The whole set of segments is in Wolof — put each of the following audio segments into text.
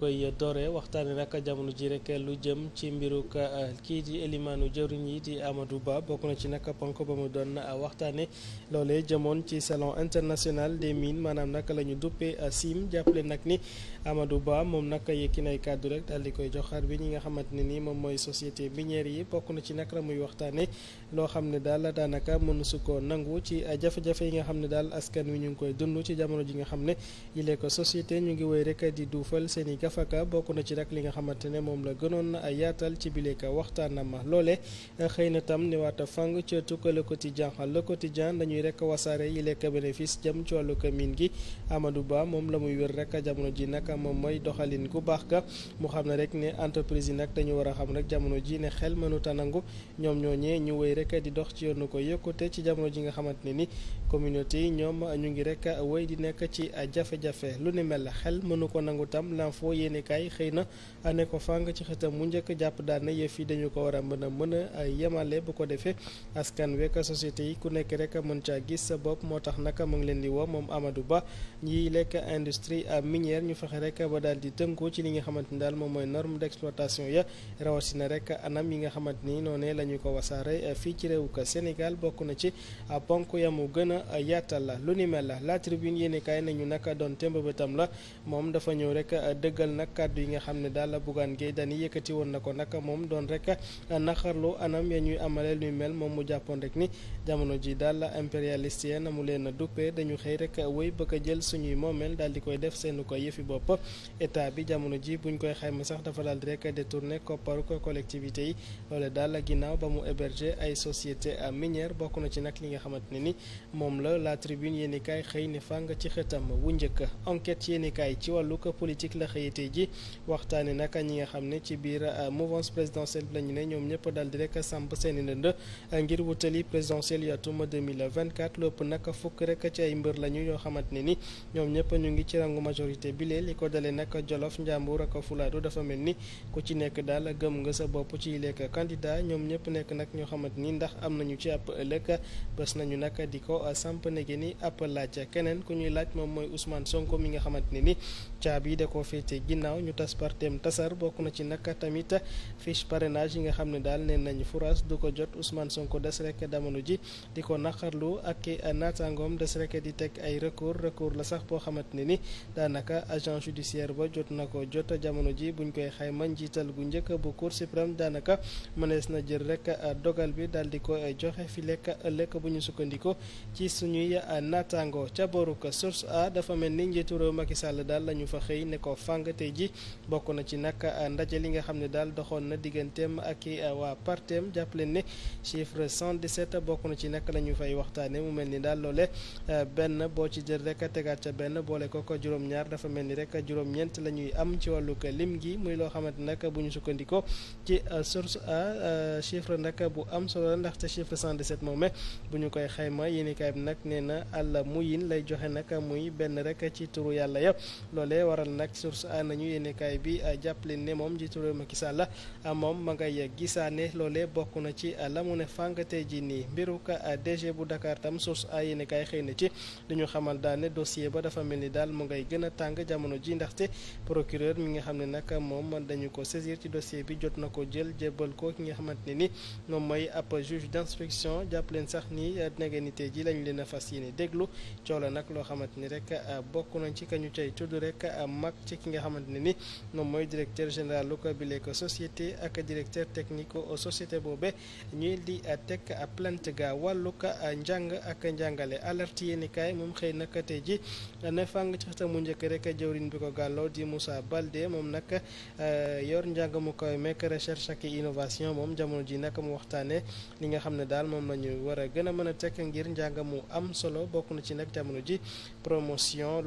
koy doore waxtaane nag jamono ji rek lu jëm ci mbiruk eh, kii di élimaanu jëriñ yi di Amadou Ba bokk na ci nag ponk ba mu doon eh, waxtaane loole jëmoon ci salon international des mines maanaam nag la ñu duppee eh, SIM jàppale nag ni Amadou Ba moom nag yëkki nay kàddu rek daal di koy joxaar bi ñi nga xamante ne ni moom mooy société minière yi bokk na ci nag la muy waxtaane loo xam ne daal daanaka mënu su ko nangu ci jafe-jafe yi nga xam ne daal askan wi ñu ngi koy dund ci jamono ji nga xam ne yilee ko société ñu ngi woy rek di duufal seen Gafaka bokk na ci rek li nga xamante ne moom la gënoon a yaatal ci bile ka waxtaanam loole xëy na tam ne waata fang ca tukka le quotidien le quotidien dañuy rek wasaare yi lekk bénéfice jëm ci wàllu commune gi Amadou baax moom la muy wér rek jamono ji nag moom mooy doxalin gu baax ga mu xam ne rek ne entreprise yi nag dañu war a xam rek jamono ji ne xel mënuta nangu ñoom ñooñee ñu wéy rek di dox ci yoonu ko yokkute ci jamono ji nga xamante ne ni communauté yi ñoom ñu ngi rek wéy di nekk ci jafe lu yéene kaay xëy na ne ko fàng ci xëtam mu njëkk jàpp daal ne yëf yi dañu ko war a mën a mën a yemale bu ko defee askan wekk société yi ku nekk rek mën caa gis sa bopp moo tax naka mu ngi leen di woo moom Amadou Ba ñiy lekk industrie minière ñu fexe rek ba daal di tënkoo ci li nga xamante ni daal moom mooy norme d'exploitation ya rawatina rek anam yi nga xamante ni noonu la ñu ko wasaare fii ci réew ka Sénégal bokk na ci a yaatal ya lu ni mel la la dëggal nag kàddu yi nga xam ne daal Bougane Gueye Dany yëkkati woon na ko nag moom doon rek naqarlu anam ya ñuy amale luy mel moom mu jàppoon rek ni jamono ji daal impérialiste ya na mu leen duppee dañu xëy rek wéy bëgg a jël suñuy moomeel daal di koy def seen ko yëfi bopp état bi jamono ji buñ koy xayma sax dafa daal di rek détourné kopparu ko collectivité yi loole daal ginnaaw ba mu héberger ay société minière bokk na ci nag li nga xamante ne ni moom la la tribune yéenikaay xëy ne fàng ci xëtam wu njëkk enquête yéenikaay ci wàllu politique tey ji waxtaane nag ñi nga xam ne ci biir euh, mouvance présidentielle bi la ñu ne ñoom ñëpp daal di rek samp seen i ndënd euh, ngir wutali présidentielle yatum 2024 lépp nag fukk rek ci ay mbër lañu yoo xamante ne ni ñoom ñëpp ñu ngi ci rangu majorité bi lee li ko dalee nag Jolof Njàmbur ak Fulaadu dafa mel ni ku ci nekk daal gëm nga sa bopp ci lekk candidat ñoom ñëpp nekk nag ñoo xamante ni ndax am nañu ci ab ëllëg bés nañu nag di ko samp nege ni ab la keneen ku ñuy laaj moom mooy Ousmane Sonko mi nga xamante ne ni ginnaaw ñu tas partem tasar bokk na ci nag tamit fiche parrainage yi nga xam ne daal neen nañu furaas du ko jot Ousmane Sonko des rek damanu ji di ko naqarlu ak naataangoom des rek di tekk ay recours recours la sax boo xamante ne ni daanaka agent judiciaire ba jot na ko jot jamono ji buñ koy xayma njiital gu njëkk bu cour suprême daanaka mënees na jël rek dogal bi daal di ko joxe fi lekk ëllëg bu ñu sukkandikoo ci suñuy naataango ca booruka source a dafa mel ni njiitu réew Macky daal la ñu fa tey ji bokk na ci nag euh, ndaje li nga xam ne daal doxoon na digganteem ak euh, waa parteem jàpp leen ne chiffre 117 bokk na ci nag la ñu fay waxtaane mu mel ni daal loole euh, benn boo ci jël rek tegaat ca benn boole ko ko juróom-ñaar dafa mel ni rek juróom-ñeent la ñuy am ci wàllug lim gi muy loo xamante nag bu ñu sukkandikoo ci source a chiffre nag bu am solo la ndaxte chiffre 117 moome bu ñu koy xayma yéenekaay bi nag nee na àll muyin lay joxe nag muy benn rek ci yàlla ya ñaan nañu yéenekaay bi euh, jàppale ne moom njiitu réew Macky Sall euh, moom ma ngay gisaane loolee bokk na ci euh, la mu ne fànkate ji nii mbiruk DG bu Dakar tam source a yéenekaay xëy na ci dañu xamal daal ne dossier ba dafa mel ni daal mu ngay gën a tàng jamono ji ndaxte procureur mi nga xam ne nag moom dañu ko saisir ci dossier bi jot na ko jël jébbal ko ki nga xamante ne ni moom mooy ab juge d'instruction jàppaleen sax ni naganité ji lañ leen fa fas yéene déglu coola loo xamante ni rek bokk nañ ci kañu cay tudd rek xamante ne ni moom mooy directeur général lu ko bilee ko société ak directeur technique société boobe ñuy di teg plainte ga wallu ko njàng ak njàngale alerte yéeni kaay moom xëy naka tey ji ne fàng ci xëta mu njëkk rek jëwriñ bi ko gàlloo di Moussa Baldé moom nag eh, yor njàng mu koy mekk recherche ak innovation moom jamono ji nag mu waxtaane li nga xam ne daal moom la ñu war a gën a mën a teg ngir njàng mu am solo bokk na ci nag jamono ji promotion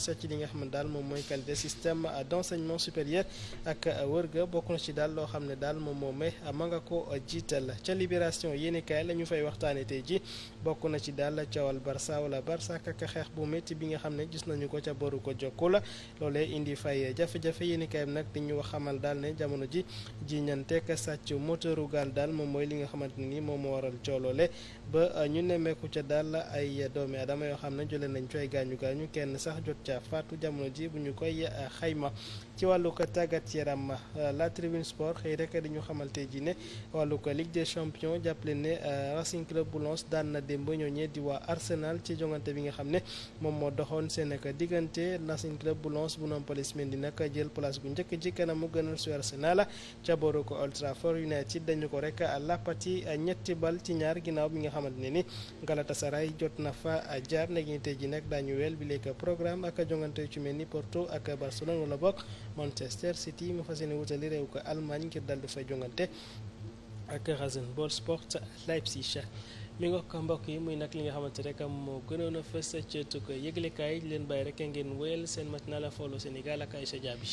compétence li nga xam ne daal moom mooy qualité système d'enseignement supérieur ak wërga bokk na ci daal loo xam ne daal moom moo may ma nga ko jiital ca libération yéeni kaay la ñu fay waxtaane tey ji bokk na ci daal coowal Barça wala Barça ak xeex bu métti bi nga xam ne gis nañu ko ca boru ko jokku la loolee indi fay jafe-jafe yéeni kaayam nag di ñu wax xamal daal ne jamono ji ji ñanteeg sàcc moteuru gaal daal moom mooy li nga xamante ni moom moo waral cooloole ba ñu nemmeeku ca daal ay doomi adama yoo xam ne jëlee nañ cooy gaañu gaañu kenn sax jot ca faatu jamono ji bu ñu koy eh, xayma ci wàllu ko tàggat yaram euh, la tribune sport xëy rek di ñu xamal jii ne wàllu ko ligue des champions jàppale ne euh, Racing Club bu Lens daan na démb ñooñee di waa Arsenal ci jongante bi nga xam ne moom moo doxoon seen ak diggante Racing Club bu Lens bu Nampalys Mendy nag jël place bu njëkk ci kanamu gënal su Arsenal ca booru ko Old Trafford United dañu ko rek làppati ñetti bal ci ñaar ginnaaw bi nga xamante ne ni Galatasaray jot na fa jaar léegi tey jii nag daañu wel bi léegi programme ak jongante yu ci mel ni Porto ak Barcelone wala bokk. Manchester City ma fas yéene wutali réew ko Allemagne ngir dal di fay jongante ak Rasenball Sport Leipzig mi nga ko mbokk yi muy nag li nga xamante rek am moo gënoon a fës ci tukka yëglekaay di leen bàyyi rek ngeen wéyal seen matinale folo Sénégal ak Aïcha Diaby